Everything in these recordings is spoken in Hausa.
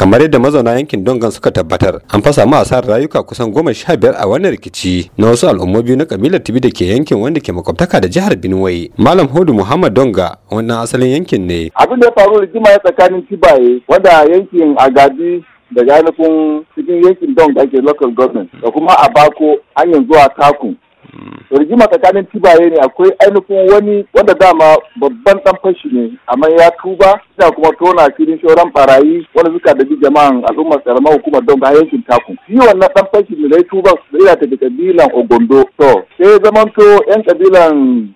kamar yadda mazauna yankin dongan suka tabbatar an fasa mu asarar rayuka kusan goma sha biyar a wannan rikici na wasu al'umma biyu na kabilar tibi da ke yankin wanda ke makwabtaka da jihar benue malam hudu muhammad donga wannan asalin yankin ne abin da ya faru rigima tsakanin tibaye wanda yankin agadi da ganakun cikin yankin dong da ake local government da kuma abako yanzu a kaku. rigima tsakanin tibaye ne akwai ainihin wani wanda dama babban dan fashi ne amma ya tuba yana kuma tona filin shoran barayi wanda suka dabi jama'an al'ummar karamar hukumar don ga yankin taku shi wannan dan fashi ne ya tuba ya tafi kabilan ogondo to sai zamanto yan kabilan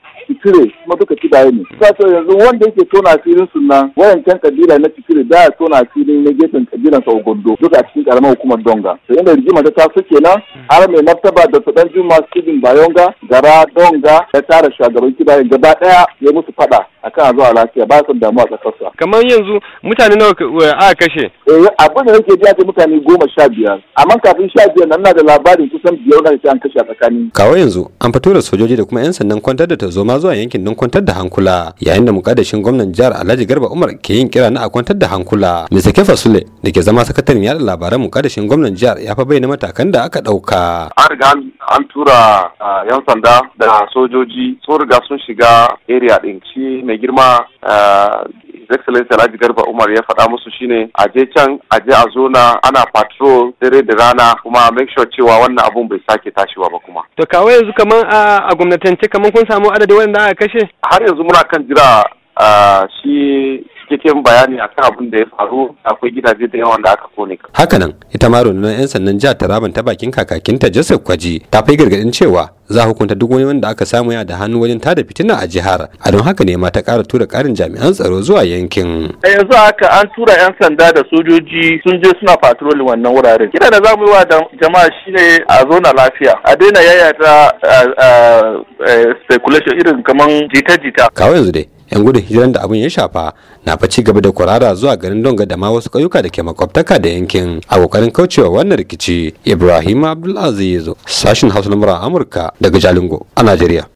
cire kuma duka kidaye ne kaso yanzu wanda yake tona filin su wayan wayancan kabila na cikiri da tona asirin na gefen kabilan sa gondo duka cikin karamar hukumar donga to inda rigima ta taso kenan har mai martaba da dan juma stephen bayonga gara donga ya tara shugaban kidayen gaba ɗaya ya musu faɗa. A kan zuwa lafiya ba su damuwa kasarsa. kamar yanzu mutane nawa a eh, kashe eh abin da nake ji ce mutane goma sha biyar amma kafin sha biyar nan na da labarin kusan biyar na ce an kashe a tsakani kawai yanzu an fito da sojoji da kuma yan sandan kwantar da tarzoma zuwa yankin don kwantar da hankula yayin da mukaddashin gwamnan jihar Alhaji Garba Umar ke yin kira na a kwantar da hankula Mr. Kefa Sule da ke zama sakataren yada labaran mukaddashin gwamnan jihar ya fa bayyana matakan da aka ɗauka. an tura yan sanda da sojoji sun riga sun shiga area din shi mai girma His Excellency Alhaji Garba Umar ya faɗa musu shine a je can a je a zona ana patrol dare da rana kuma make sure cewa wannan abun bai sake tashiwa ba kuma. To kawo yanzu kaman a gwamnatance kaman kun samu adadi wanda aka kashe? Har yanzu muna kan jira shi cikakken bayani akan abin da ya faru akwai gidaje da yawan da aka kone nan ita ma rundunar yan sandan jihar taraban ta bakin kakakinta joseph kwaji ta fi gargadin cewa za hukunta duk wani wanda aka samu ya da hannu wajen tada fitina a jihar a don haka ne ma ta ƙara tura ƙarin jami'an tsaro zuwa yankin a yanzu haka an tura yan sanda da sojoji sun je suna patrolin wannan wuraren kira da za mu yi wa jama'a shine a zona lafiya a daina yayata speculation irin kaman jita-jita kawai yanzu dai 'yan gudun hijiran da abin ya shafa na fa ci gaba da kwarara zuwa garin donga da ma wasu ƙauyuka da ke makwabtaka da yankin a kokarin kaucewa wannan rikici ibrahim abdulaziz sashin hausa na amurka daga jalingo a najeriya